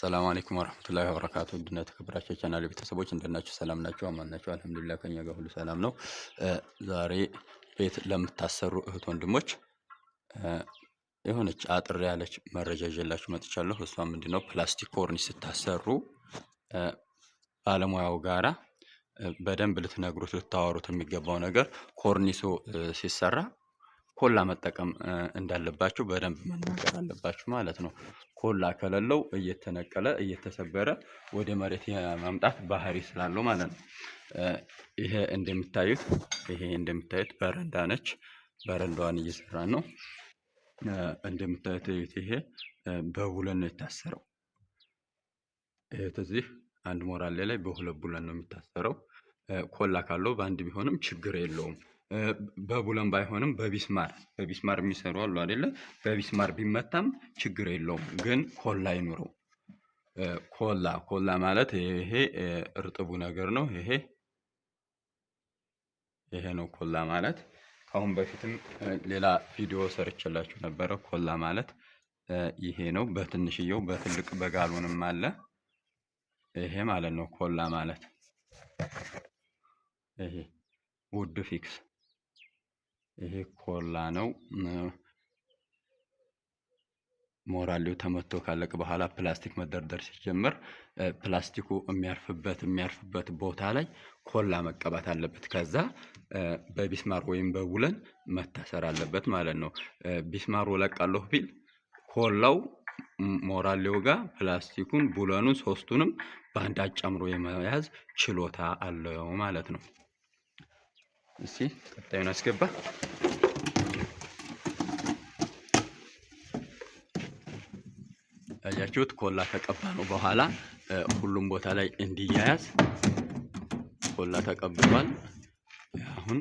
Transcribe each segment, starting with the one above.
ሰላም አለይኩም ወራህመቱላሂ ወበረካቱ። ድና ተከብራችሁ የቻናል ቤተሰቦች እንደናቸው ሰላም ናችሁ? አማን ናችሁ? አልሐምዱሊላህ ከኛ ጋር ሁሉ ሰላም ነው። ዛሬ ቤት ለምታሰሩ እህት ወንድሞች የሆነች አጥር ያለች መረጃ ይዤላችሁ መጥቻለሁ። እሷ ምንድን ነው ፕላስቲክ ኮርኒስ ስታሰሩ ባለሙያው ጋራ በደንብ ልትነግሩት ልታወሩት የሚገባው ነገር ኮርኒሱ ሲሰራ ኮላ መጠቀም እንዳለባቸው በደንብ መናገር አለባችሁ ማለት ነው። ኮላ ከሌለው እየተነቀለ እየተሰበረ ወደ መሬት የማምጣት ባህሪ ስላለው ማለት ነው። ይሄ እንደሚታዩት ይሄ እንደሚታዩት በረንዳ ነች። በረንዳዋን እየሰራን ነው። እንደምታዩት ይሄ በቡለን ነው የታሰረው። እዚህ አንድ ሞራሌ ላይ በሁለት ቡለን ነው የሚታሰረው። ኮላ ካለው በአንድ ቢሆንም ችግር የለውም። በቡለን ባይሆንም በቢስማር በቢስማር የሚሰሩ አሉ አይደለ? በቢስማር ቢመታም ችግር የለውም። ግን ኮላ ይኑረው። ኮላ ኮላ ማለት ይሄ እርጥቡ ነገር ነው። ይሄ ይሄ ነው ኮላ ማለት። ከአሁን በፊትም ሌላ ቪዲዮ ሰርቼላችሁ ነበረ። ኮላ ማለት ይሄ ነው፣ በትንሽየው በትልቅ በጋሉንም አለ። ይሄ ማለት ነው ኮላ ማለት ይሄ ውድ ፊክስ ይሄ ኮላ ነው። ሞራሌው ተመቶ ካለቀ በኋላ ፕላስቲክ መደርደር ሲጀምር ፕላስቲኩ የሚያርፍበት የሚያርፍበት ቦታ ላይ ኮላ መቀባት አለበት። ከዛ በቢስማር ወይም በቡለን መታሰር አለበት ማለት ነው። ቢስማሩ ወለቃለሁ ቢል ኮላው ሞራሌው ጋር ፕላስቲኩን፣ ቡለኑን ሶስቱንም በአንድ አጫምሮ የመያዝ ችሎታ አለው ማለት ነው። እስቲ ቀጣዩን አስገባ። ያያችሁት ኮላ ተቀባ ነው። በኋላ ሁሉም ቦታ ላይ እንዲያያዝ ኮላ ተቀብቷል። አሁን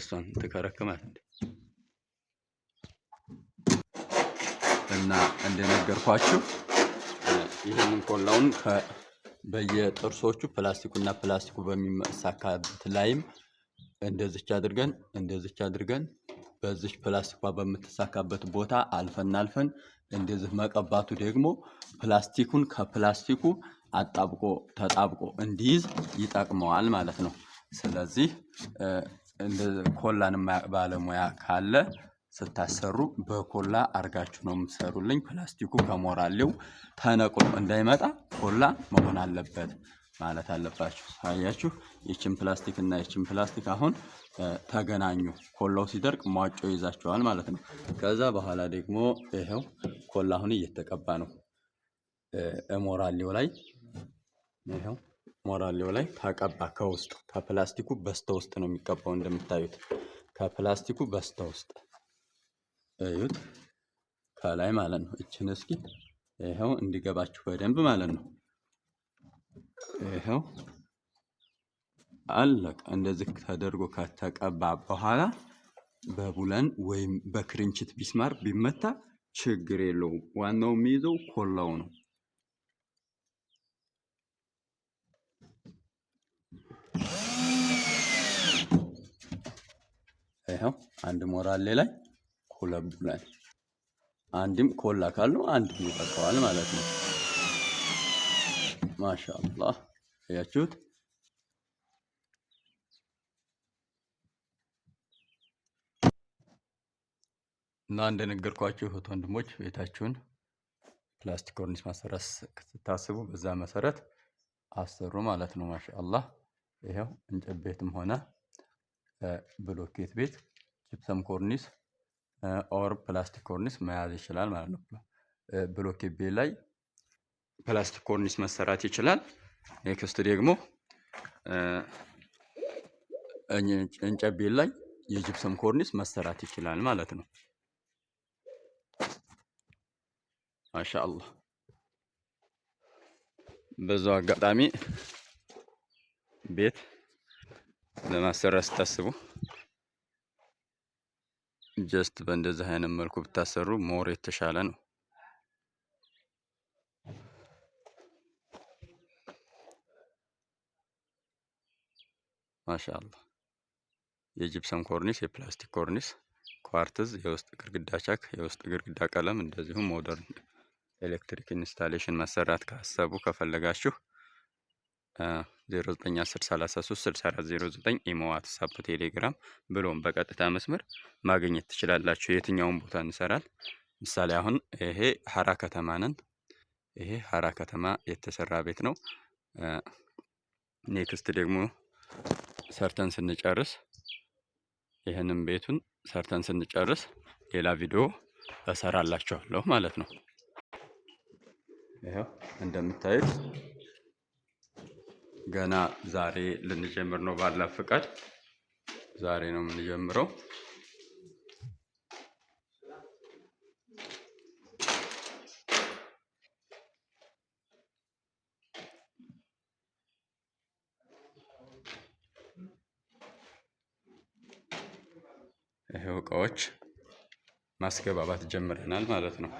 እሷን ትከረክማል እና እንደነገርኳችሁ ይህንን ኮላውን በየጥርሶቹ ፕላስቲኩና ፕላስቲኩ በሚሳካበት ላይም እንደዚች አድርገን እንደዚች አድርገን በዚች ፕላስቲኳ በምትሳካበት ቦታ አልፈን አልፈን እንደዚህ መቀባቱ ደግሞ ፕላስቲኩን ከፕላስቲኩ አጣብቆ ተጣብቆ እንዲይዝ ይጠቅመዋል ማለት ነው። ስለዚህ ኮላን ባለሙያ ካለ ስታሰሩ በኮላ አርጋችሁ ነው የምትሰሩልኝ። ፕላስቲኩ ከሞራሌው ተነቅሎ እንዳይመጣ ኮላ መሆን አለበት ማለት አለባችሁ። አያችሁ፣ ይችን ፕላስቲክ እና ይችን ፕላስቲክ አሁን ተገናኙ። ኮላው ሲደርቅ ሟጮ ይዛችኋል ማለት ነው። ከዛ በኋላ ደግሞ ይኸው ኮላ አሁን እየተቀባ ነው። ሞራሌው ላይ ይኸው ሞራሌው ላይ ተቀባ። ከውስጥ ከፕላስቲኩ በስተ ውስጥ ነው የሚቀባው እንደምታዩት፣ ከፕላስቲኩ በስተ ውስጥ እዩት ከላይ ማለት ነው። እችን እስኪ ይኸው እንዲገባችሁ በደንብ ማለት ነው። ይኸው አለቀ። እንደዚህ ተደርጎ ከተቀባ በኋላ በቡለን ወይም በክርንችት ቢስማር ቢመታ ችግር የለውም። ዋናው የሚይዘው ኮላው ነው። ይኸው አንድ ሞራሌ ላይ ኮለምቱ ላይ አንድም ኮል አካል ነው፣ አንድ ይበቃዋል ማለት ነው። ማሻአላህ አያችሁት። እና እንደነገርኳችሁ እህት ወንድሞች ቤታችሁን ፕላስቲክ ኮርኒስ ማሰራት ስታስቡ በዛ መሰረት አሰሩ ማለት ነው። ማሻአላህ ይኸው እንጨት ቤትም ሆነ ብሎኬት ቤት ጅፕሰም ኮርኒስ ኦር ፕላስቲክ ኮርኒስ መያዝ ይችላል ማለት ነው። ብሎኬ ቤ ላይ ፕላስቲክ ኮርኒስ መሰራት ይችላል። ኔክስት ደግሞ እንጨት ቤ ላይ የጅብሰም ኮርኒስ መሰራት ይችላል ማለት ነው። ማሻአላህ በዛው አጋጣሚ ቤት ለማሰራት ስታስቡ ጀስት በእንደዚህ አይነት መልኩ ብታሰሩ ሞር የተሻለ ነው። ማሻአላ የጅብሰም ኮርኒስ፣ የፕላስቲክ ኮርኒስ፣ ኳርትዝ፣ የውስጥ ግርግዳ ቻክ፣ የውስጥ ግድግዳ ቀለም እንደዚሁም ሞደርን ኤሌክትሪክ ኢንስታሌሽን መሰራት ካሰቡ ከፈለጋችሁ 0910336409 ኢሞ፣ ዋትሳፕ፣ ቴሌግራም ብሎም በቀጥታ መስመር ማግኘት ትችላላችሁ። የትኛውን ቦታ እንሰራል። ምሳሌ አሁን ይሄ ሀራ ከተማ ነን። ይሄ ሀራ ከተማ የተሰራ ቤት ነው። ኔክስት ደግሞ ሰርተን ስንጨርስ ይህንም ቤቱን ሰርተን ስንጨርስ ሌላ ቪዲዮ እሰራላችኋለሁ ማለት ነው። ይኸው እንደምታዩት ገና ዛሬ ልንጀምር ነው። ባላ ፍቃድ ዛሬ ነው የምንጀምረው። ይሄው እቃዎች ማስገባባት ጀምረናል ማለት ነው።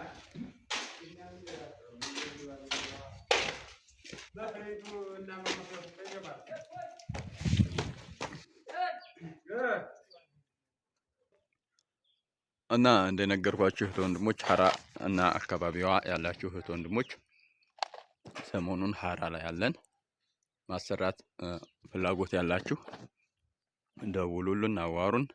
እና እንደነገርኳችሁ እህት ወንድሞች ሀራ እና አካባቢዋ ያላችሁ እህት ወንድሞች ሰሞኑን ሀራ ላይ ያለን ማሰራት ፍላጎት ያላችሁ ደውሉልን፣ አዋሩን።